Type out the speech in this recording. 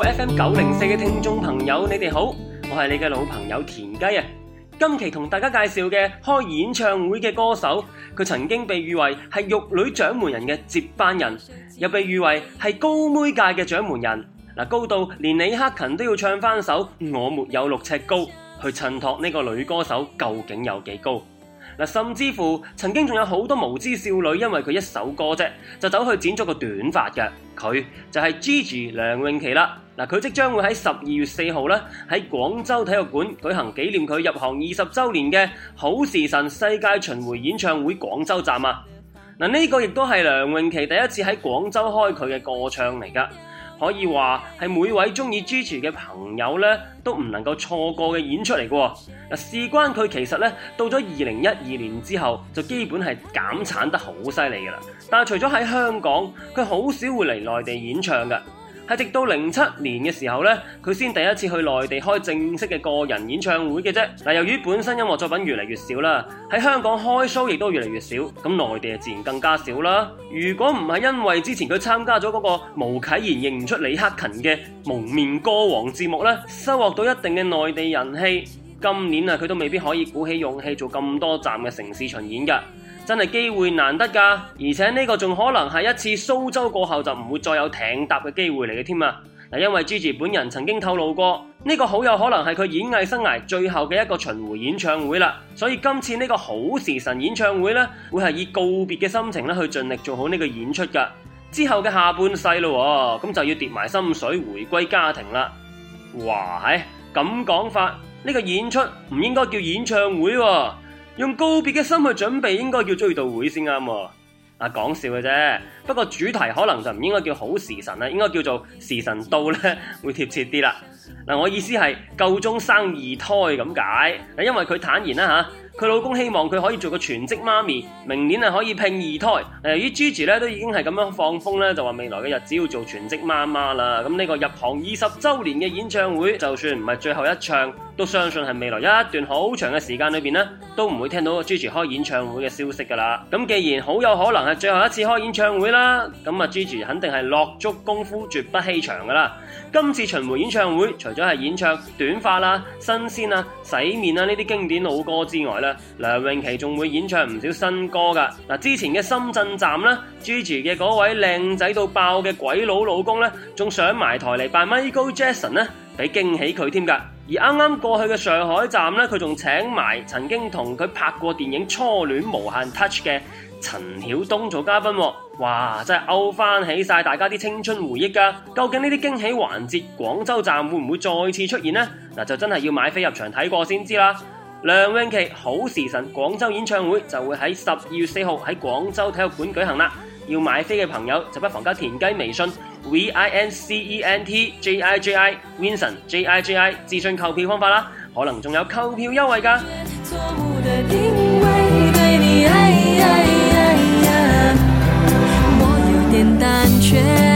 F.M. 九零四嘅聽眾朋友，你哋好，我係你嘅老朋友田雞啊！今期同大家介紹嘅開演唱會嘅歌手，佢曾經被譽為係玉女掌門人嘅接班人，又被譽為係高妹界嘅掌門人。嗱，高到連李克勤都要唱返首《我沒有六尺高》去襯托呢個女歌手究竟有幾高。甚至乎曾經仲有好多無知少女因為佢一首歌啫，就走去剪咗個短髮嘅，佢就係 Gigi 梁詠琪啦。嗱，佢即將會喺十二月四號咧喺廣州體育館舉行紀念佢入行二十週年嘅《好時辰世界巡迴演唱會》廣州站啊！嗱，呢個亦都係梁詠琪第一次喺廣州開佢嘅歌唱嚟噶。可以話係每位中意支持嘅朋友咧，都唔能夠錯過嘅演出嚟嘅。嗱，事關佢其實咧，到咗二零一二年之後，就基本係減產得好犀利㗎喇。但係除咗喺香港，佢好少會嚟內地演唱，㗎。直到零七年嘅時候呢，佢先第一次去內地開正式嘅個人演唱會嘅啫。由於本身音樂作品越嚟越少啦，喺香港開 show 亦都越嚟越少，咁內地自然更加少啦。如果唔係因為之前佢參加咗嗰個巫啟賢認唔出李克勤嘅蒙面歌王節目呢，收穫到一定嘅內地人氣，今年啊佢都未必可以鼓起勇氣做咁多站嘅城市巡演嘅。真係機會難得噶，而且呢個仲可能係一次蘇州過後就唔會再有艇搭嘅機會嚟嘅添啊！嗱，因為 Gigi 本人曾經透露過，呢個好有可能係佢演藝生涯最後嘅一個巡回演唱會啦，所以今次呢個好時辰演唱會呢，會係以告別嘅心情咧去盡力做好呢個演出噶。之後嘅下半世咯，咁就要跌埋心水回歸家庭啦。哇，係咁講法，呢個演出唔應該叫演唱會喎。用告別嘅心去準備，應該叫追悼會先啱、啊。啊，講笑嘅啫。不過主題可能就唔應該叫好時辰啦，應該叫做時辰到咧，會貼切啲啦、啊。我意思係夠鐘生二胎咁解、啊。因為佢坦言啦、啊佢老公希望佢可以做個全職媽咪，明年啊可以拼二胎。由於 Gigi 咧都已經係咁樣放風咧，就話未來嘅日子要做全職媽媽啦。咁呢個入行二十週年嘅演唱會，就算唔係最後一場，都相信係未來一段好長嘅時間裏面，咧，都唔會聽到 Gigi 開演唱會嘅消息㗎啦。咁既然好有可能係最後一次開演唱會啦，咁啊 Gigi 肯定係落足功夫，絕不欺場㗎啦。今次巡迴演唱會，除咗係演唱短髮啦、新鮮啊、洗面啊呢啲經典老歌之外，梁詠琪仲會演唱唔少新歌噶，嗱，之前嘅深圳站啦，Gigi 嘅嗰位靚仔到爆嘅鬼佬老公咧，仲上埋台嚟扮 Michael Jackson 咧，俾驚喜佢添噶。而啱啱過去嘅上海站咧，佢仲請埋曾經同佢拍過電影《初戀無限 Touch》嘅陳曉東做嘉賓，哇，真係勾翻起晒大家啲青春回憶噶。究竟呢啲驚喜環節，廣州站會唔會再次出現呢？嗱，就真係要買飛入場睇過先知啦。梁詠琪好時辰廣州演唱會就會喺十二月四號喺廣州體育館舉行啦，要買飛嘅朋友就不妨加田雞微信 v i n c e n t j i j i w i n s o n j i j i 諮詢購票方法啦，可能仲有購票優惠㗎。錯